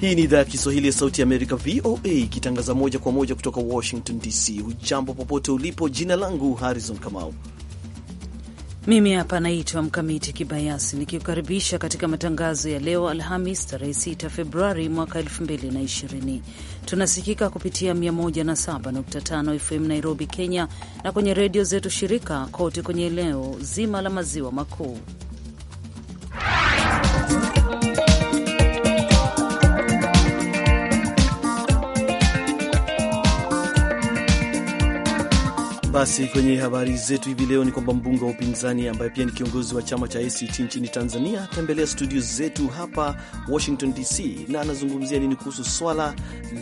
Hii ni idhaa ya Kiswahili ya Sauti ya Amerika, VOA, ikitangaza moja kwa moja kutoka Washington DC. Ujambo popote ulipo. Jina langu Harrison Kamau. Mimi hapa naitwa Mkamiti Kibayasi, nikiukaribisha katika matangazo ya leo Alhamis, tarehe 6 Februari mwaka 2020. Tunasikika kupitia 107.5 FM Nairobi, Kenya, na kwenye redio zetu shirika kote kwenye eneo zima la maziwa makuu. basi kwenye habari zetu hivi leo ni kwamba mbunge wa upinzani ambaye pia ni kiongozi wa chama cha ACT nchini Tanzania atembelea studio zetu hapa Washington DC, na anazungumzia nini kuhusu swala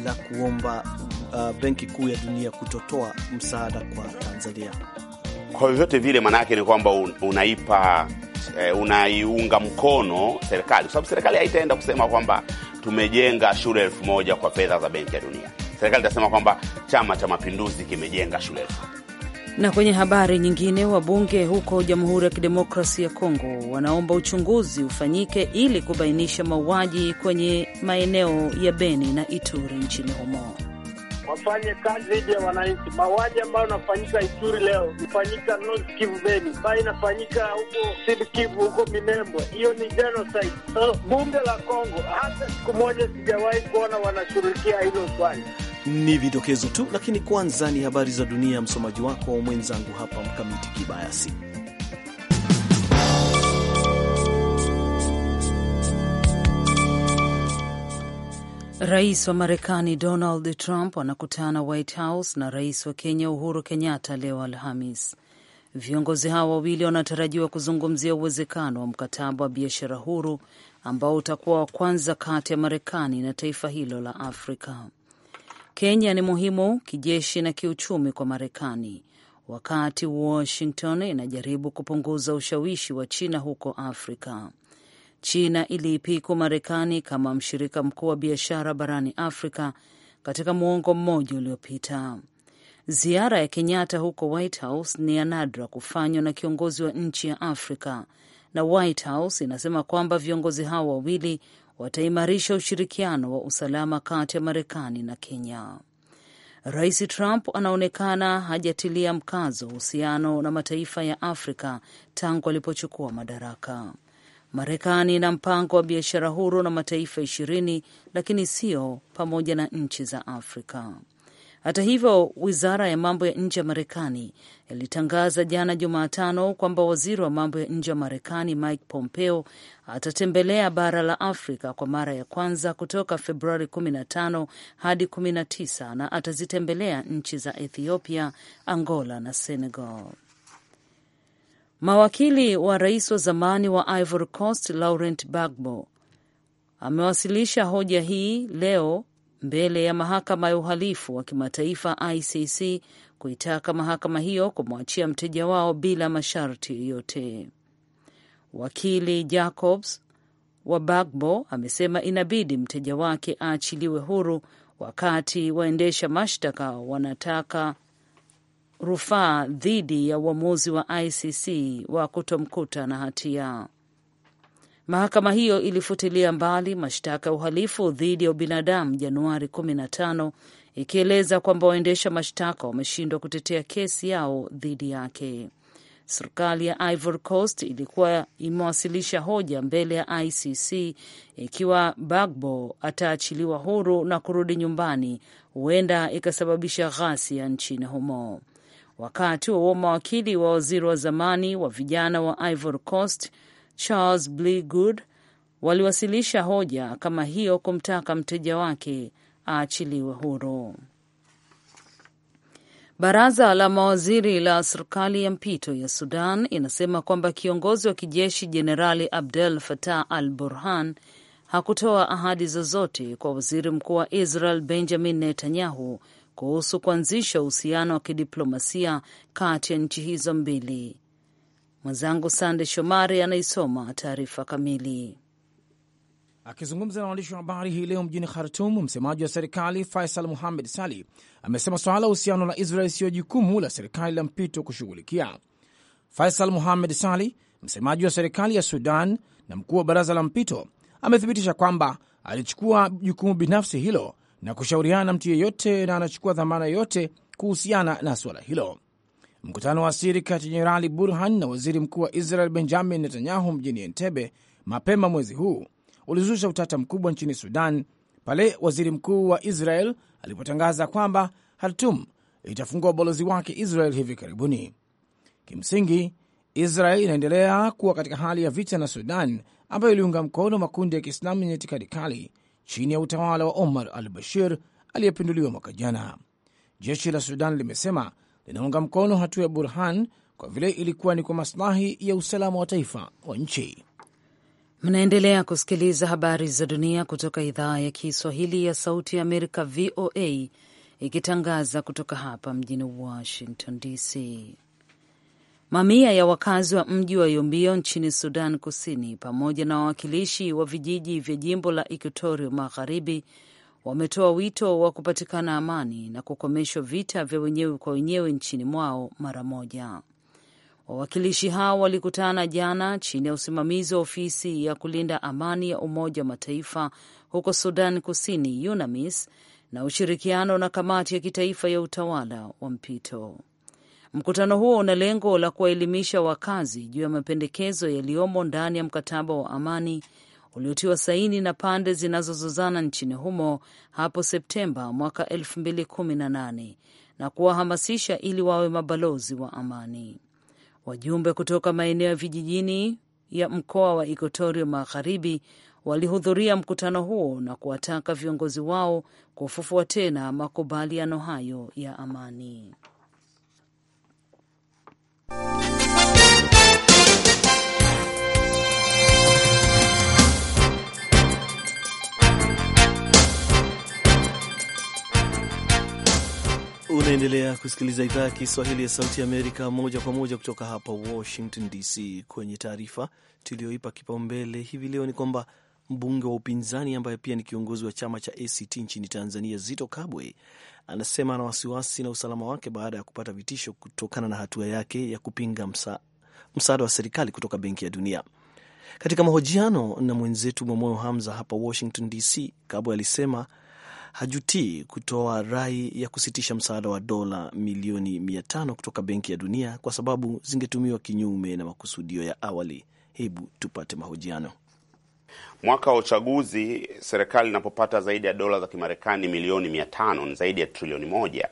la kuomba uh, benki kuu ya dunia kutotoa msaada kwa Tanzania. Kwa vyovyote vile, maana yake ni kwamba unaipa eh, unaiunga mkono serikali, kwa sababu serikali haitaenda kusema kwamba tumejenga shule elfu moja kwa fedha za benki ya dunia. Serikali itasema kwamba Chama cha Mapinduzi kimejenga shule elfu na kwenye habari nyingine, wabunge huko Jamhuri ya Kidemokrasi ya Kongo wanaomba uchunguzi ufanyike ili kubainisha mauaji kwenye maeneo ya Beni na Ituri nchini humo. Wafanye kazi dhidi ya wananchi. Mauaji ambayo nafanyika Ituri leo ifanyika North Kivu, Beni ambayo inafanyika huko Sud Kivu, huko Minembwe, hiyo ni genocide. So, eh, bunge la Kongo hata siku moja sijawahi kuona wanashughulikia hilo swali ni vidokezo tu, lakini kwanza ni habari za dunia. Msomaji wako mwenzangu hapa Mkamiti Kibayasi. Rais wa Marekani Donald Trump anakutana White House na rais wa Kenya Uhuru Kenyatta leo Alhamis. Viongozi hao wawili wanatarajiwa kuzungumzia uwezekano wa mkataba wa biashara huru ambao utakuwa wa kwanza kati ya Marekani na taifa hilo la Afrika. Kenya ni muhimu kijeshi na kiuchumi kwa Marekani, wakati Washington inajaribu kupunguza ushawishi wa China huko Afrika. China iliipiku Marekani kama mshirika mkuu wa biashara barani Afrika katika muongo mmoja uliopita. Ziara ya Kenyatta huko White House ni ya nadra kufanywa na kiongozi wa nchi ya Afrika, na White House inasema kwamba viongozi hao wawili wataimarisha ushirikiano wa usalama kati ya Marekani na Kenya. Rais Trump anaonekana hajatilia mkazo uhusiano na mataifa ya Afrika tangu alipochukua madaraka. Marekani ina mpango wa biashara huru na mataifa ishirini, lakini sio pamoja na nchi za Afrika. Hata hivyo, wizara ya mambo ya nje ya Marekani ilitangaza jana Jumatano kwamba waziri wa mambo ya nje wa Marekani Mike Pompeo atatembelea bara la Afrika kwa mara ya kwanza kutoka Februari 15 hadi 19 na atazitembelea nchi za Ethiopia, Angola na Senegal. Mawakili wa rais wa zamani wa Ivory Coast Laurent Gbagbo amewasilisha hoja hii leo mbele ya mahakama ya uhalifu wa kimataifa ICC kuitaka mahakama hiyo kumwachia mteja wao bila masharti yoyote. Wakili Jacobs wa Bagbo amesema inabidi mteja wake aachiliwe huru wakati waendesha mashtaka wanataka rufaa dhidi ya uamuzi wa ICC wa kutomkuta na hatia. Mahakama hiyo ilifutilia mbali mashtaka ya uhalifu dhidi ya ubinadamu Januari 15 ikieleza kwamba waendesha mashtaka wameshindwa kutetea kesi yao dhidi yake. Serikali ya Ivory Coast ilikuwa imewasilisha hoja mbele ya ICC ikiwa Bagbo ataachiliwa huru na kurudi nyumbani, huenda ikasababisha ghasia nchini humo. Wakati wa huo mawakili wa waziri wa zamani wa vijana wa Ivory Coast Charles Bligood waliwasilisha hoja kama hiyo kumtaka mteja wake aachiliwe huru. Baraza la mawaziri la serikali ya mpito ya Sudan inasema kwamba kiongozi wa kijeshi Jenerali Abdel Fattah al Burhan hakutoa ahadi zozote kwa waziri mkuu wa Israel Benjamin Netanyahu kuhusu kuanzisha uhusiano wa kidiplomasia kati ya nchi hizo mbili. Mwenzangu Sande Shomari anaisoma taarifa kamili. Akizungumza na waandishi wa habari hii leo mjini Khartum, msemaji wa serikali Faisal Muhamed Sali amesema suala la uhusiano la Israel siyo jukumu la serikali la mpito kushughulikia. Faisal Muhamed Sali, msemaji wa serikali ya Sudan na mkuu wa baraza la mpito, amethibitisha kwamba alichukua jukumu binafsi hilo na kushauriana na mtu yeyote na anachukua dhamana yoyote kuhusiana na suala hilo. Mkutano wa siri kati ya Jenerali Burhan na waziri mkuu wa Israel Benjamin Netanyahu mjini entebe mapema mwezi huu ulizusha utata mkubwa nchini Sudan pale waziri mkuu wa Israel alipotangaza kwamba hartum itafungua ubalozi wake Israel hivi karibuni. Kimsingi, Israel inaendelea kuwa katika hali ya vita na Sudan ambayo iliunga mkono makundi ya Kiislamu yenye itikadi kali chini ya utawala wa Omar al Bashir aliyepinduliwa mwaka jana. Jeshi la Sudan limesema linaunga mkono hatua ya Burhan kwa vile ilikuwa ni kwa maslahi ya usalama wa taifa wa nchi. Mnaendelea kusikiliza habari za dunia kutoka idhaa ya Kiswahili ya Sauti ya Amerika, VOA, ikitangaza kutoka hapa mjini Washington DC. Mamia ya wakazi wa mji wa Yombio nchini Sudan Kusini pamoja na wawakilishi wa vijiji vya jimbo la Equatorio Magharibi wametoa wito wa kupatikana amani na kukomeshwa vita vya wenyewe kwa wenyewe nchini mwao mara moja. Wawakilishi hao walikutana jana chini ya usimamizi wa ofisi ya kulinda amani ya Umoja wa Mataifa huko Sudan Kusini, UNAMIS, na ushirikiano na kamati ya kitaifa ya utawala wa mpito. Mkutano huo una lengo la kuwaelimisha wakazi juu ya mapendekezo yaliyomo ndani ya mkataba wa amani uliotiwa saini na pande zinazozozana nchini humo hapo Septemba mwaka 2018 na kuwahamasisha ili wawe mabalozi wa amani. Wajumbe kutoka maeneo ya vijijini ya mkoa wa Ikotorio Magharibi walihudhuria mkutano huo na kuwataka viongozi wao kufufua tena makubaliano hayo ya amani. Unaendelea kusikiliza idhaa ya Kiswahili ya Sauti Amerika moja kwa moja kutoka hapa Washington DC. Kwenye taarifa tuliyoipa kipaumbele hivi leo ni kwamba mbunge wa upinzani ambaye pia ni kiongozi wa chama cha ACT nchini Tanzania, Zito Kabwe, anasema ana wasiwasi na usalama wake baada ya kupata vitisho kutokana na hatua yake ya kupinga msa, msaada wa serikali kutoka Benki ya Dunia. Katika mahojiano na mwenzetu Mwamoyo Hamza hapa Washington DC, Kabwe alisema hajutii kutoa rai ya kusitisha msaada wa dola milioni mia tano kutoka Benki ya Dunia kwa sababu zingetumiwa kinyume na makusudio ya awali. Hebu tupate mahojiano. Mwaka wa uchaguzi, serikali inapopata zaidi ya dola za Kimarekani milioni mia tano ni zaidi ya trilioni moja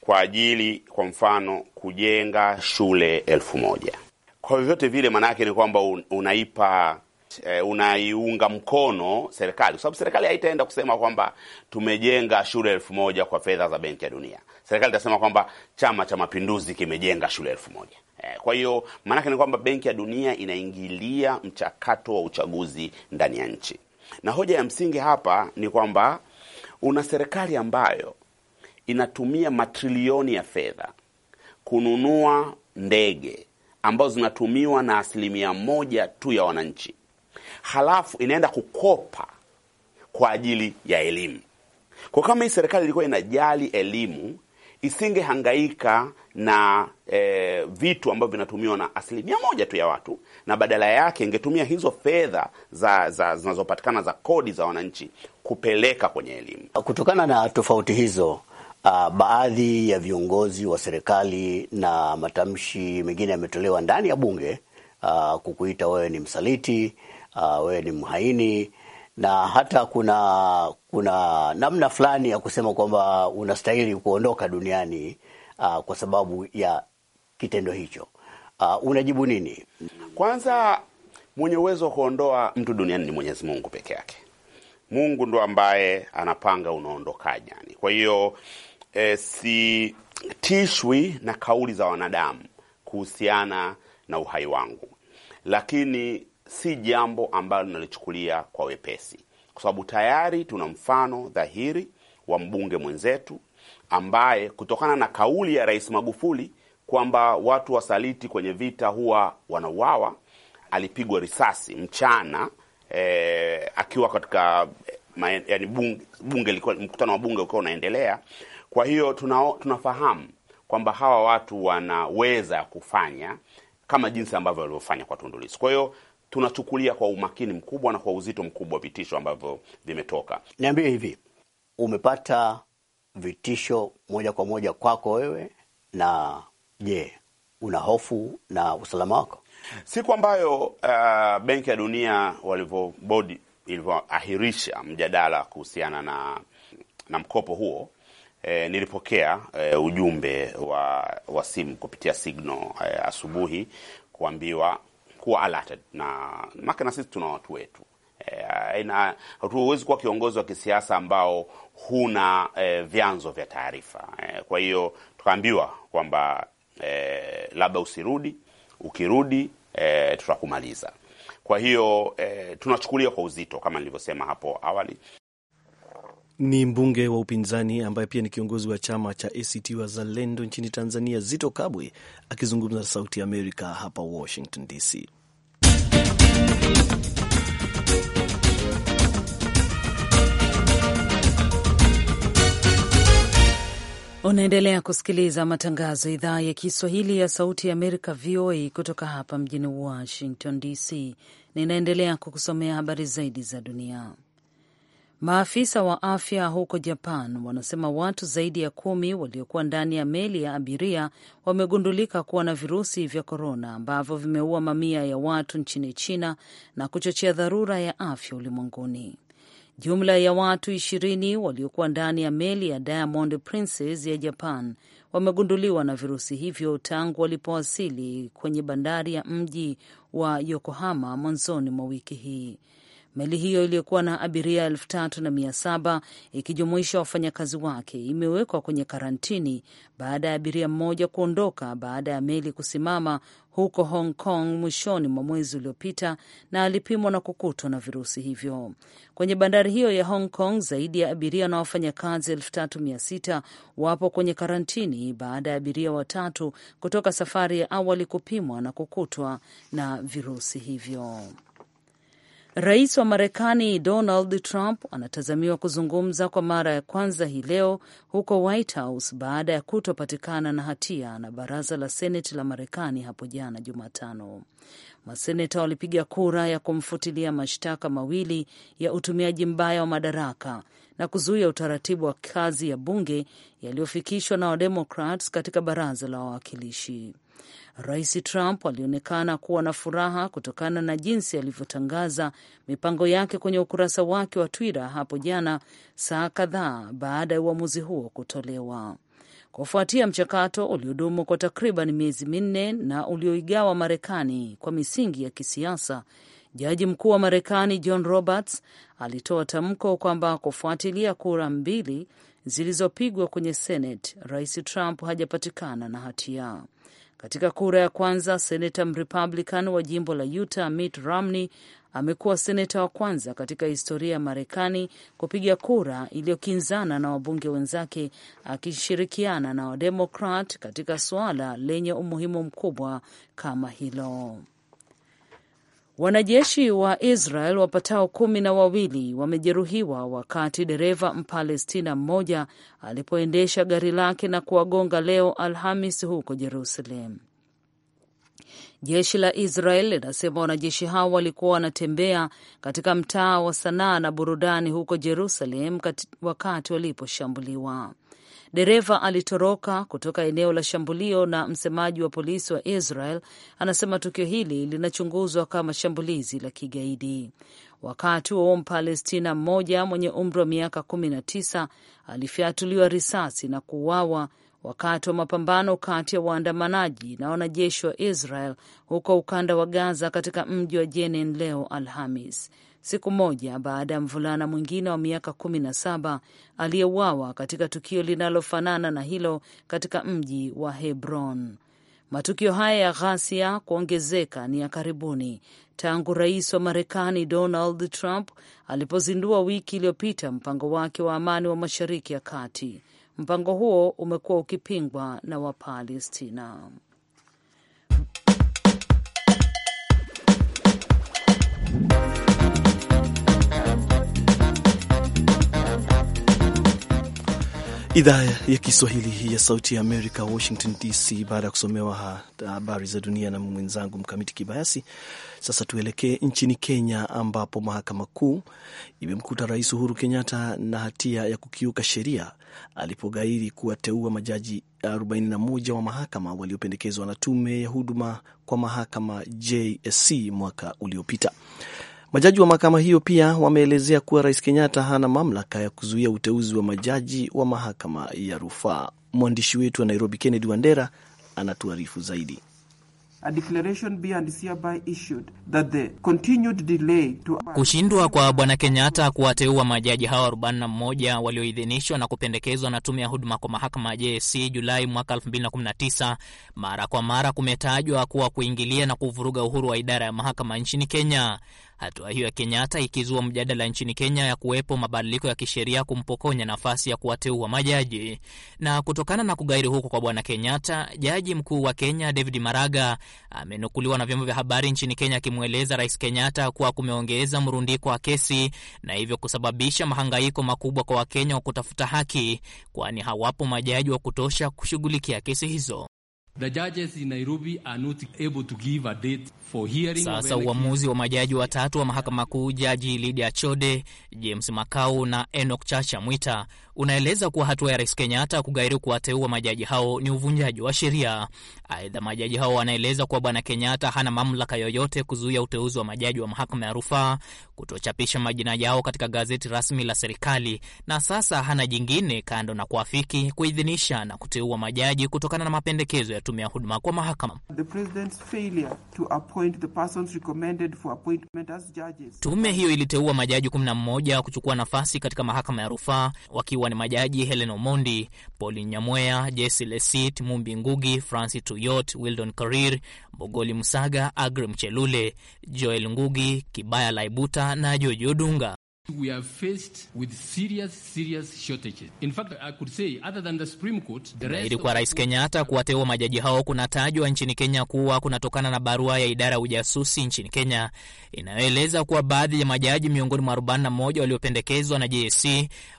kwa ajili, kwa mfano, kujenga shule elfu moja. Kwa vyovyote vile, maana yake ni kwamba unaipa e, unaiunga mkono serikali, kwa sababu serikali haitaenda kusema kwamba tumejenga shule elfu moja kwa fedha za Benki ya Dunia. Serikali itasema kwamba Chama cha Mapinduzi kimejenga shule elfu moja. E, kwa hiyo maanake ni kwamba Benki ya Dunia inaingilia mchakato wa uchaguzi ndani ya nchi, na hoja ya msingi hapa ni kwamba una serikali ambayo inatumia matrilioni ya fedha kununua ndege ambazo zinatumiwa na asilimia moja tu ya wananchi halafu inaenda kukopa kwa ajili ya elimu. Kwa kama hii serikali ilikuwa inajali elimu isingehangaika na e, vitu ambavyo vinatumiwa na asilimia moja tu ya watu, na badala yake ingetumia hizo fedha za zinazopatikana za, za kodi za wananchi kupeleka kwenye elimu. Kutokana na tofauti hizo, uh, baadhi ya viongozi wa serikali na matamshi mengine yametolewa ndani ya bunge uh, kukuita wewe ni msaliti uh, wewe ni mhaini na hata kuna kuna namna fulani ya kusema kwamba unastahili kuondoka duniani uh, kwa sababu ya kitendo hicho. Uh, unajibu nini? Kwanza, mwenye uwezo wa kuondoa mtu duniani ni Mwenyezi Mungu peke yake. Mungu ndo ambaye anapanga unaondokaje, yani. Kwa hiyo e, sitishwi na kauli za wanadamu kuhusiana na uhai wangu, lakini si jambo ambalo linalichukulia kwa wepesi, kwa sababu tayari tuna mfano dhahiri wa mbunge mwenzetu ambaye kutokana na kauli ya Rais Magufuli kwamba watu wasaliti kwenye vita huwa wanauawa, alipigwa risasi mchana eh, akiwa katika eh, yani bunge, bunge mkutano wa bunge ukiwa unaendelea. Kwa hiyo tuna, tunafahamu kwamba hawa watu wanaweza kufanya kama jinsi ambavyo walivyofanya kwa Tundu Lissu. Kwa hiyo tunachukulia kwa umakini mkubwa na kwa uzito mkubwa vitisho ambavyo vimetoka. Niambie hivi, umepata vitisho moja kwa moja kwako wewe, na je, una hofu na usalama wako? Siku ambayo uh, Benki ya Dunia walivyo bodi ilivyoahirisha mjadala kuhusiana na, na mkopo huo E, nilipokea e, ujumbe wa wa simu kupitia Signal e, asubuhi kuambiwa kuwa alerted na maka, na sisi tuna watu wetu eh, na kuwa kiongozi wa kisiasa ambao huna e, vyanzo vya taarifa e. Kwa hiyo tukaambiwa kwamba e, labda usirudi, ukirudi e, tutakumaliza. Kwa hiyo e, tunachukulia kwa uzito kama nilivyosema hapo awali ni mbunge wa upinzani ambaye pia ni kiongozi wa chama cha ACT Wazalendo nchini Tanzania, Zito Kabwe akizungumza na Sauti Amerika hapa Washington DC. Unaendelea kusikiliza matangazo ya idhaa ya Kiswahili ya Sauti ya Amerika, VOA, kutoka hapa mjini Washington DC. Ninaendelea kukusomea habari zaidi za dunia. Maafisa wa afya huko Japan wanasema watu zaidi ya kumi waliokuwa ndani ya meli ya abiria wamegundulika kuwa na virusi vya korona ambavyo vimeua mamia ya watu nchini China na kuchochea dharura ya afya ulimwenguni. Jumla ya watu ishirini waliokuwa ndani ya meli ya Diamond Princess ya Japan wamegunduliwa na virusi hivyo tangu walipowasili kwenye bandari ya mji wa Yokohama mwanzoni mwa wiki hii. Meli hiyo iliyokuwa na abiria elfu tatu na mia saba ikijumuisha wafanyakazi wake imewekwa kwenye karantini baada ya abiria mmoja kuondoka baada ya meli kusimama huko Hong Kong mwishoni mwa mwezi uliopita na alipimwa na kukutwa na virusi hivyo. Kwenye bandari hiyo ya Hong Kong, zaidi ya abiria na wafanyakazi elfu tatu mia sita wapo kwenye karantini baada ya abiria watatu kutoka safari ya awali kupimwa na kukutwa na virusi hivyo. Rais wa Marekani Donald Trump anatazamiwa kuzungumza kwa mara ya kwanza hii leo huko White House baada ya kutopatikana na hatia na baraza la Seneti la Marekani hapo jana Jumatano. Maseneta walipiga kura ya kumfutilia mashtaka mawili ya utumiaji mbaya wa madaraka na kuzuia utaratibu wa kazi ya bunge yaliyofikishwa na Wademokrats katika baraza la wawakilishi. Rais Trump alionekana kuwa na furaha kutokana na jinsi alivyotangaza mipango yake kwenye ukurasa wake wa Twitter hapo jana, saa kadhaa baada ya uamuzi huo kutolewa. Kufuatia mchakato uliodumu kwa takriban miezi minne na ulioigawa Marekani kwa misingi ya kisiasa, jaji mkuu wa Marekani John Roberts alitoa tamko kwamba kufuatilia kura mbili zilizopigwa kwenye Senate, Rais Trump hajapatikana na hatia. Katika kura ya kwanza, seneta Mrepublican wa jimbo la Utah Mitt Romney amekuwa seneta wa kwanza katika historia ya Marekani kupiga kura iliyokinzana na wabunge wenzake akishirikiana na Wademokrat katika suala lenye umuhimu mkubwa kama hilo. Wanajeshi wa Israel wapatao kumi na wawili wamejeruhiwa wakati dereva Mpalestina mmoja alipoendesha gari lake na kuwagonga leo Alhamis huko Jerusalem. Jeshi la Israel linasema wanajeshi hao walikuwa wanatembea katika mtaa wa sanaa na burudani huko Jerusalem wakati waliposhambuliwa. Dereva alitoroka kutoka eneo la shambulio, na msemaji wa polisi wa Israel anasema tukio hili linachunguzwa kama shambulizi la kigaidi. Wakati huo Mpalestina mmoja mwenye umri wa miaka kumi na tisa alifyatuliwa risasi na kuuawa wakati wa mapambano kati ya waandamanaji na wanajeshi wa Israel huko ukanda wa Gaza katika mji wa Jenin leo Alhamis siku moja baada ya mvulana mwingine wa miaka kumi na saba aliyeuawa katika tukio linalofanana na hilo katika mji wa Hebron. Matukio haya ya ghasia kuongezeka ni ya karibuni tangu rais wa Marekani Donald Trump alipozindua wiki iliyopita mpango wake wa amani wa Mashariki ya Kati. Mpango huo umekuwa ukipingwa na Wapalestina. Idhaa ya Kiswahili ya Sauti ya Amerika, Washington DC. Baada ya kusomewa habari za dunia na mwenzangu Mkamiti Kibayasi, sasa tuelekee nchini Kenya, ambapo mahakama kuu imemkuta Rais Uhuru Kenyatta na hatia ya kukiuka sheria alipogairi kuwateua majaji 41 wa mahakama waliopendekezwa na tume ya huduma kwa mahakama JSC mwaka uliopita. Majaji wa mahakama hiyo pia wameelezea kuwa Rais Kenyatta hana mamlaka ya kuzuia uteuzi wa majaji wa mahakama ya rufaa. Mwandishi wetu wa Nairobi, Kennedy Wandera, anatuarifu zaidi. Kushindwa kwa Bwana Kenyatta kuwateua majaji hawa 41 walioidhinishwa na kupendekezwa na tume ya huduma kwa mahakama ya JSC Julai mwaka 2019 mara kwa mara kumetajwa kuwa kuingilia na kuvuruga uhuru wa idara ya mahakama nchini Kenya hatua hiyo ya Kenyatta ikizua mjadala nchini Kenya ya kuwepo mabadiliko ya kisheria kumpokonya nafasi ya kuwateua majaji. Na kutokana na kugairi huko kwa bwana Kenyatta, jaji mkuu wa Kenya David Maraga amenukuliwa na vyombo vya habari nchini Kenya akimweleza Rais Kenyatta kuwa kumeongeza mrundiko wa kesi na hivyo kusababisha mahangaiko makubwa kwa Wakenya wa kutafuta haki, kwani hawapo majaji wa kutosha kushughulikia kesi hizo. Sasa uamuzi wa majaji watatu wa mahakama kuu, Jaji Lydia Chode, James Makau na Enoch Chacha Mwita unaeleza kuwa hatua ya Rais Kenyatta kugairi kuwateua majaji hao ni uvunjaji wa sheria. Aidha, majaji hao wanaeleza kuwa Bwana Kenyatta hana mamlaka yoyote kuzuia uteuzi wa majaji wa mahakama ya rufaa, kutochapisha majina yao katika gazeti rasmi la serikali, na sasa hana jingine kando na kuafiki, kuidhinisha na kuteua majaji kutokana na mapendekezo ya tume ya huduma kwa mahakama. Tume hiyo iliteua majaji 11 kuchukua nafasi katika mahakama ya rufaa wakiwa wakiwa ni majaji Helen Omondi, Pauli nyamwea Jesi Lesit, Mumbi Ngugi, Francis Tuyot, Wildon Karir, Mbogoli Msaga, Agri Mchelule, Joel Ngugi, Kibaya Laibuta na Joji Odunga. We are faced with serious, serious shortages. In fact, I could say, other than the Supreme Court, the rest kwa Rais Kenyatta kuwateua majaji hao kunatajwa nchini Kenya kuwa kunatokana na barua ya idara ya ujasusi nchini Kenya inayoeleza kuwa baadhi ya majaji miongoni mwa 41 waliopendekezwa na JSC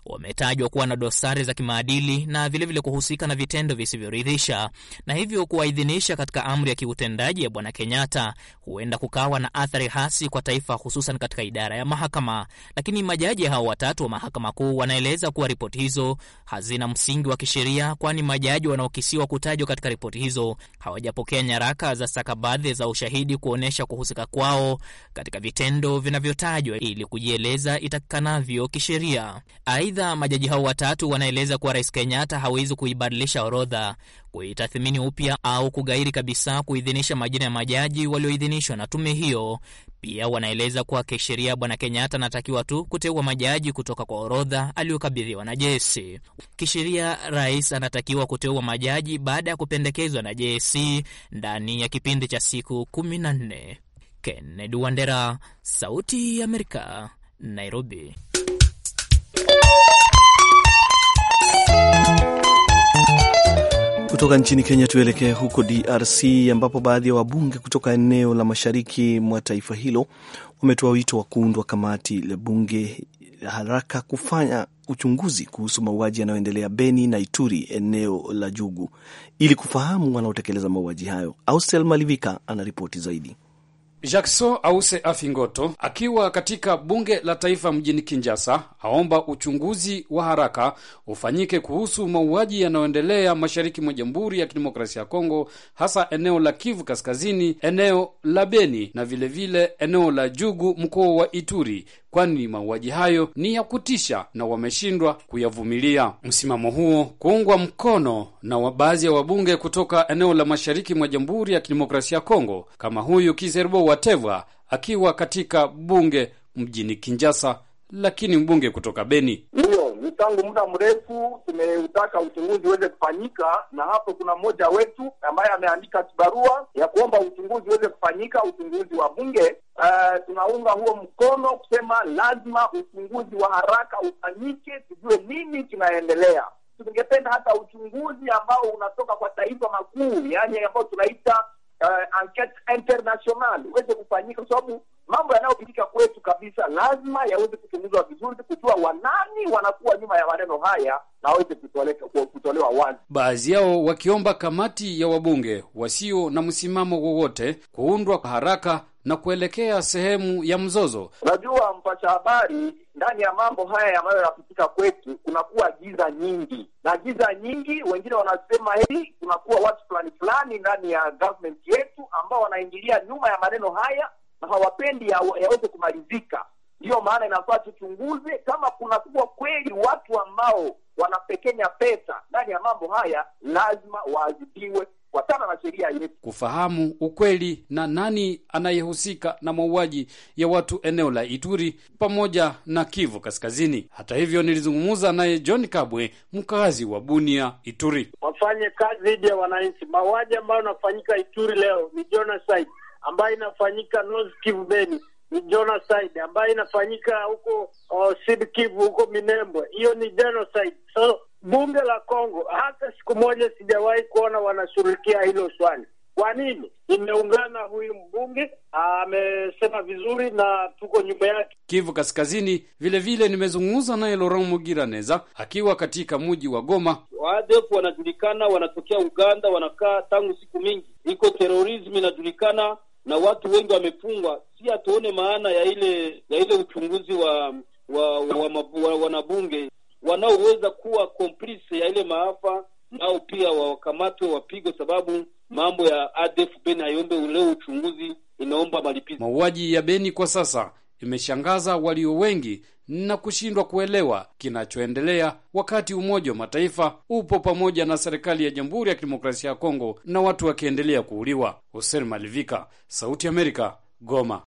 wametajwa kuwa na dosari za kimaadili na vilevile vile kuhusika na vitendo visivyoridhisha, na hivyo kuwaidhinisha katika amri ya kiutendaji ya Bwana Kenyatta huenda kukawa na athari hasi kwa taifa, hususan katika idara ya mahakama, lakini lakini majaji hao watatu wa mahakama kuu wanaeleza kuwa ripoti hizo hazina msingi wa kisheria, kwani majaji wanaokisiwa kutajwa katika ripoti hizo hawajapokea nyaraka za stakabadhi za ushahidi kuonyesha kuhusika kwao katika vitendo vinavyotajwa ili kujieleza itakikanavyo kisheria. Aidha, majaji hao watatu wanaeleza kuwa Rais Kenyatta hawezi kuibadilisha orodha kuitathimini upya au kugairi kabisa kuidhinisha majina ya majaji walioidhinishwa na tume hiyo. Pia wanaeleza kuwa kisheria, Bwana Kenyatta anatakiwa tu kuteua majaji kutoka kwa orodha aliyokabidhiwa na jesi Kisheria, rais anatakiwa kuteua majaji baada ya kupendekezwa na jesi ndani ya kipindi cha siku kumi na nne. Kennedy Wandera, Sauti ya Amerika, Nairobi. Kutoka nchini Kenya tuelekee huko DRC ambapo baadhi ya wa wabunge kutoka eneo la mashariki mwa taifa hilo wametoa wito wa kuundwa kamati la bunge haraka kufanya uchunguzi kuhusu mauaji yanayoendelea Beni na Ituri, eneo la Jugu, ili kufahamu wanaotekeleza mauaji hayo. Austel Malivika anaripoti zaidi. Jackson Ause Afingoto akiwa katika bunge la taifa mjini kinjasa aomba uchunguzi wa haraka ufanyike kuhusu mauaji yanayoendelea mashariki mwa Jamhuri ya Kidemokrasia ya Kongo, hasa eneo la Kivu Kaskazini, eneo la Beni na vilevile vile eneo la Jugu, mkoa wa Ituri, kwani mauaji hayo ni ya kutisha na wameshindwa kuyavumilia. Msimamo huo kuungwa mkono na baadhi ya wabunge kutoka eneo la mashariki mwa Jamhuri ya Kidemokrasia ya Kongo, kama huyu kiserbo Wateva akiwa katika bunge mjini Kinjasa lakini mbunge kutoka Beni, hiyo ni tangu muda mrefu tumeutaka uchunguzi uweze kufanyika, na hapo kuna mmoja wetu ambaye ameandika kibarua ya kuomba uchunguzi uweze kufanyika, uchunguzi wa bunge. Uh, tunaunga huo mkono kusema lazima uchunguzi wa haraka ufanyike, tujue nini kinaendelea. Tungependa hata uchunguzi ambao unatoka kwa taifa makuu, yaani ambao tunaita uh, eh, enquete international uweze kufanyika, kwa sababu mambo yanayopitika kwetu kabisa lazima yaweze kuchunguzwa vizuri, kujua wanani wanakuwa nyuma ya maneno haya na waweze kutolewa wazi. Baadhi yao wakiomba kamati ya wabunge wasio na msimamo wowote kuundwa haraka na kuelekea sehemu ya mzozo. Unajua, mpasha habari, ndani ya mambo haya ambayo yanapitika kwetu kunakuwa giza nyingi na giza nyingi, wengine wanasema hii kunakuwa watu fulani fulani ndani ya government yetu ambao wanaingilia nyuma ya maneno haya na hawapendi yaweze kumalizika. Ndiyo maana inafaa tuchunguze kama kunakuwa kweli watu ambao wanapekenya pesa ndani ya mambo haya, lazima waadhibiwe kufuatana na sheria yetu, kufahamu ukweli na nani anayehusika na mauaji ya watu eneo la Ituri pamoja na Kivu Kaskazini. Hata hivyo, nilizungumza naye John Kabwe, mkazi wa Bunia, Ituri. Wafanye kazi dhidi ya wananchi. Mauaji ambayo inafanyika Ituri leo ni genocide, ambayo inafanyika North Kivu Beni ni genocide ambayo inafanyika huko oh, Sud Kivu, huko Minembwe, hiyo ni genocide. So bunge la Kongo, hata siku moja sijawahi kuona wanashughulikia hilo swali. Kwa nini? Imeungana huyu mbunge amesema vizuri na tuko nyuma yake. Kivu Kaskazini vilevile nimezungumza naye Laurent Mugiraneza akiwa katika muji wa Goma. Wadefu wanajulikana, wanatokea Uganda, wanakaa tangu siku mingi, iko terorismu inajulikana na watu wengi wamefungwa. Si hatuone maana ya ile ya ile uchunguzi wa wa, wa, wa, wa wanabunge wanaoweza kuwa complice ya ile maafa nao pia wawakamatwe wapigwe, sababu mambo ya ADF Beni haiombe leo uchunguzi, inaomba malipizi. Mauaji ya Beni kwa sasa imeshangaza walio wengi na kushindwa kuelewa kinachoendelea, wakati Umoja wa Mataifa upo pamoja na serikali ya Jamhuri ya Kidemokrasia ya Kongo na watu wakiendelea kuuliwa. Hussein Malivika, Sauti ya Amerika, Goma.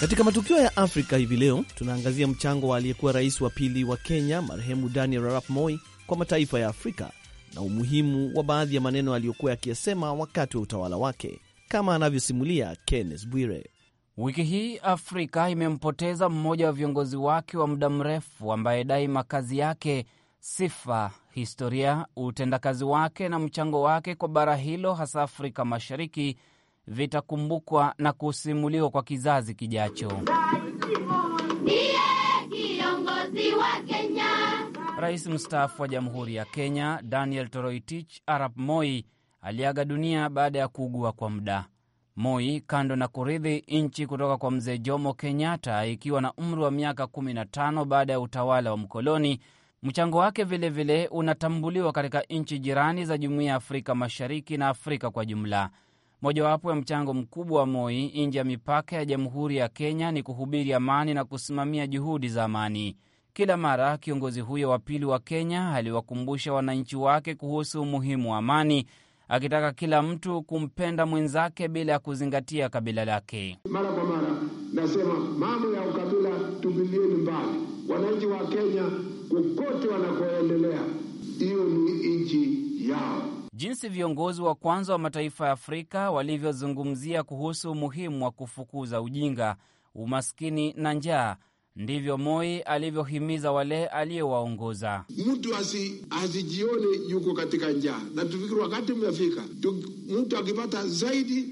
Katika matukio ya Afrika hivi leo tunaangazia mchango wa aliyekuwa rais wa pili wa Kenya marehemu Daniel Arap Moi kwa mataifa ya Afrika na umuhimu wa baadhi ya maneno aliyokuwa akiyasema wakati wa utawala wake, kama anavyosimulia Kenneth Bwire. Wiki hii Afrika imempoteza mmoja wa viongozi wake wa muda mrefu ambaye daima kazi yake, sifa, historia, utendakazi wake na mchango wake kwa bara hilo, hasa Afrika Mashariki vitakumbukwa na kusimuliwa kwa kizazi kijacho. Rais mstaafu wa Jamhuri ya Kenya Daniel Toroitich Arap Moi aliaga dunia baada ya kuugua kwa muda. Moi, kando na kurithi nchi kutoka kwa mzee Jomo Kenyatta ikiwa na umri wa miaka 15 baada ya utawala wa mkoloni, mchango wake vilevile vile unatambuliwa katika nchi jirani za Jumuiya ya Afrika Mashariki na Afrika kwa jumla. Mojawapo ya mchango mkubwa wa Moi nje ya mipaka ya Jamhuri ya Kenya ni kuhubiri amani na kusimamia juhudi za amani. Kila mara kiongozi huyo wa pili wa Kenya aliwakumbusha wananchi wake kuhusu umuhimu wa amani, akitaka kila mtu kumpenda mwenzake bila ya kuzingatia kabila lake. Mara kwa mara nasema mambo ya ukabila tubilieni mbali. Wananchi wa Kenya kokote wanakoendelea, hiyo ni nchi yao jinsi viongozi wa kwanza wa mataifa ya Afrika walivyozungumzia kuhusu umuhimu wa kufukuza ujinga, umaskini na njaa, ndivyo Moi alivyohimiza wale aliyowaongoza. Mtu asijione yuko katika njaa, na tufikiri wakati mmefika, mtu akipata zaidi,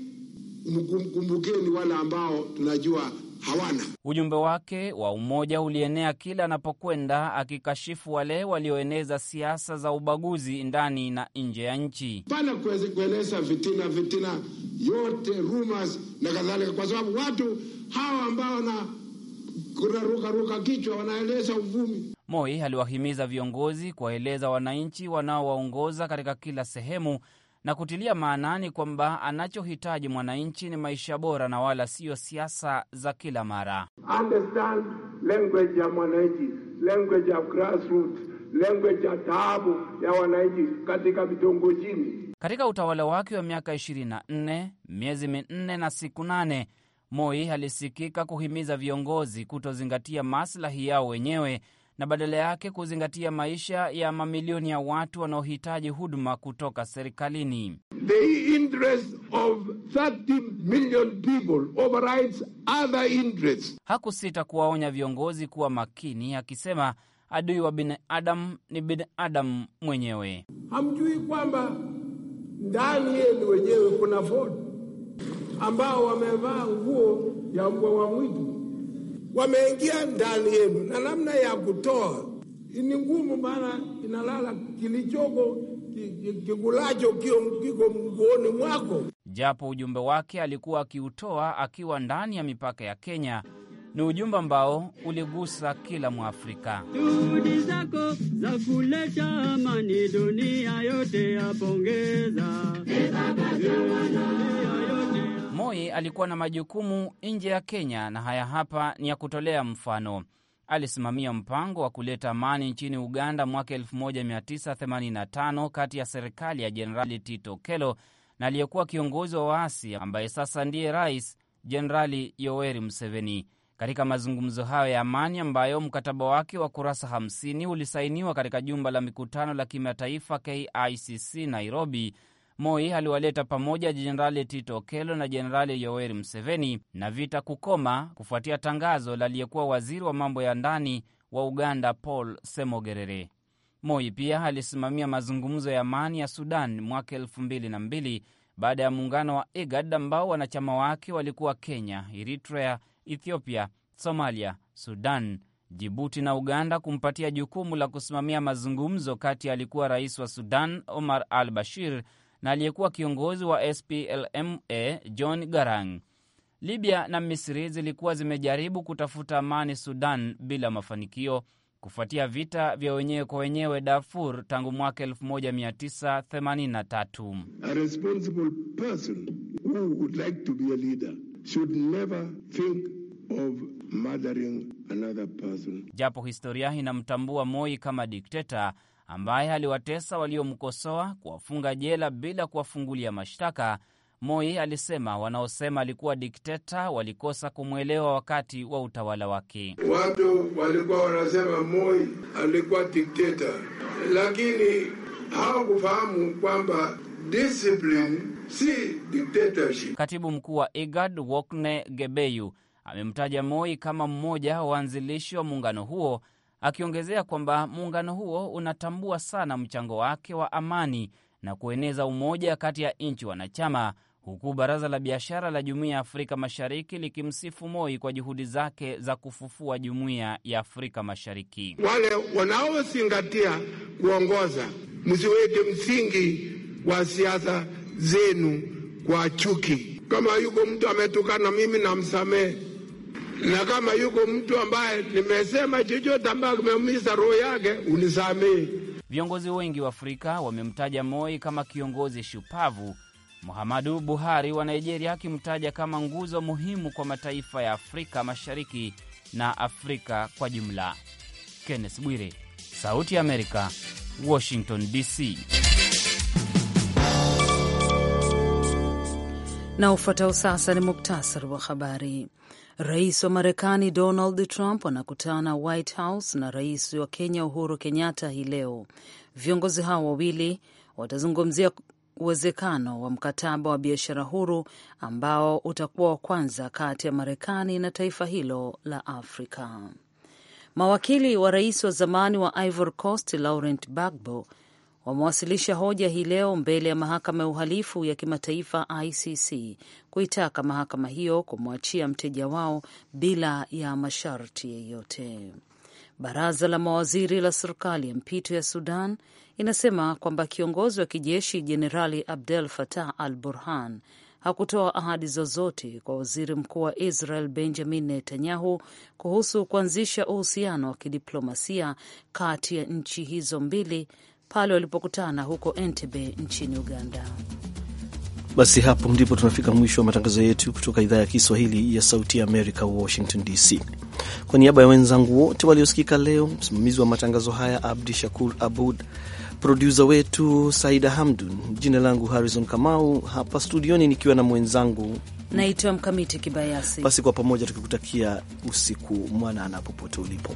mkumbukeni wale ambao tunajua hawana. Ujumbe wake wa umoja ulienea kila anapokwenda, akikashifu wale walioeneza siasa za ubaguzi ndani na nje ya nchi, pana kuwezi kueneza vitina, vitina yote rumors na kadhalika, kwa sababu watu hawa ambao wana kurukaruka kichwa wanaeleza uvumi. Moi aliwahimiza viongozi kuwaeleza wananchi wanaowaongoza katika kila sehemu na kutilia maanani kwamba anachohitaji mwananchi ni maisha bora na wala siyo siasa za kila mara. Understand language ya mwananchi, language ya grassroots, language ya taabu ya wananchi katika vitongojini. Katika utawala wake wa miaka 24 miezi minne na siku nane, Moi alisikika kuhimiza viongozi kutozingatia maslahi yao wenyewe na badala yake kuzingatia maisha ya mamilioni ya watu wanaohitaji huduma kutoka serikalini. The interest of 30 million people overrides other interests. Hakusita kuwaonya viongozi kuwa makini, akisema adui wa binadamu ni binadamu mwenyewe. Hamjui kwamba ndani yenu wenyewe kuna fod ambao wamevaa nguo ya mbwa wa mwitu wameingia ndani yenu, na namna ya kutoa ni ngumu, maana inalala kilichoko kikulacho kiko mguoni mwako. Japo ujumbe wake alikuwa akiutoa akiwa ndani ya mipaka ya Kenya, ni ujumbe ambao uligusa kila Mwafrika. Juhudi zako za kuleta amani dunia yote yapongeza. Moi alikuwa na majukumu nje ya Kenya na haya hapa ni ya kutolea mfano. Alisimamia mpango wa kuleta amani nchini Uganda mwaka 1985 kati ya serikali ya Jenerali Tito kelo na aliyekuwa kiongozi wa waasi ambaye sasa ndiye rais, Jenerali Yoweri Museveni. Katika mazungumzo hayo ya amani ambayo mkataba wake wa kurasa 50 ulisainiwa katika jumba la mikutano la kimataifa KICC Nairobi Moi aliwaleta pamoja Jenerali Tito okelo na Jenerali Yoweri Museveni na vita kukoma kufuatia tangazo la aliyekuwa waziri wa mambo ya ndani wa Uganda Paul Semogerere. Moi pia alisimamia mazungumzo ya amani ya Sudan mwaka elfu mbili na mbili baada ya muungano wa IGAD ambao wanachama wake walikuwa Kenya, Eritrea, Ethiopia, Somalia, Sudan, Jibuti na Uganda kumpatia jukumu la kusimamia mazungumzo kati ya alikuwa rais wa Sudan Omar al Bashir na aliyekuwa kiongozi wa SPLMA John Garang. Libya na Misri zilikuwa zimejaribu kutafuta amani Sudan bila mafanikio kufuatia vita vya wenyewe kwa wenyewe Darfur tangu mwaka 1983. like Japo historia inamtambua Moi kama dikteta ambaye aliwatesa waliomkosoa, kuwafunga jela bila kuwafungulia mashtaka. Moi alisema wanaosema alikuwa dikteta walikosa kumwelewa wakati wa utawala wake. Watu walikuwa wanasema Moi alikuwa dikteta, lakini hawakufahamu kwamba discipline si dictatorship. Katibu mkuu wa IGAD Wokne Gebeyu amemtaja Moi kama mmoja waanzilishi wa muungano huo akiongezea kwamba muungano huo unatambua sana mchango wake wa amani na kueneza umoja kati ya nchi wanachama, huku baraza la biashara la jumuiya ya Afrika Mashariki likimsifu Moi kwa juhudi zake za kufufua jumuiya ya Afrika Mashariki. Wale wanaozingatia kuongoza, msiweke msingi wa siasa zenu kwa chuki. Kama yuko mtu ametukana mimi, namsamehe na kama yuko mtu ambaye nimesema chochote ambaye kimeumiza roho yake unisamehe. Viongozi wengi wa Afrika wamemtaja Moi kama kiongozi shupavu, Muhammadu Buhari wa Nigeria akimtaja kama nguzo muhimu kwa mataifa ya Afrika Mashariki na Afrika kwa jumla. Kenneth Bwire, Sauti ya Amerika, Washington DC. Na ufuatao sasa ni muktasari wa habari. Rais wa Marekani Donald Trump anakutana White House na rais wa Kenya Uhuru Kenyatta hii leo. Viongozi hao wawili watazungumzia uwezekano wa mkataba wa biashara huru ambao utakuwa wa kwanza kati ya Marekani na taifa hilo la Afrika. Mawakili wa rais wa zamani wa Ivory Coast Laurent Gbagbo wamewasilisha hoja hii leo mbele ya mahakama ya uhalifu ya kimataifa ICC kuitaka mahakama hiyo kumwachia mteja wao bila ya masharti yeyote. Baraza la mawaziri la serikali ya mpito ya Sudan inasema kwamba kiongozi wa kijeshi Jenerali Abdel Fattah al Burhan hakutoa ahadi zozote kwa waziri mkuu wa Israel Benjamin Netanyahu kuhusu kuanzisha uhusiano wa kidiplomasia kati ya nchi hizo mbili pale walipokutana huko Entebbe nchini Uganda. Basi hapo ndipo tunafika mwisho wa matangazo yetu kutoka idhaa ya Kiswahili ya Sauti ya Amerika, Washington DC. Kwa niaba ya wenzangu wote waliosikika leo, msimamizi wa matangazo haya Abdi Shakur Abud, produsa wetu Saida Hamdun, jina langu Harrison Kamau, hapa studioni nikiwa na mwenzangu naitwa Mkamiti Kibayasi. Basi kwa pamoja tukikutakia usiku mwanana popote ulipo.